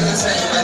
Sim, sim,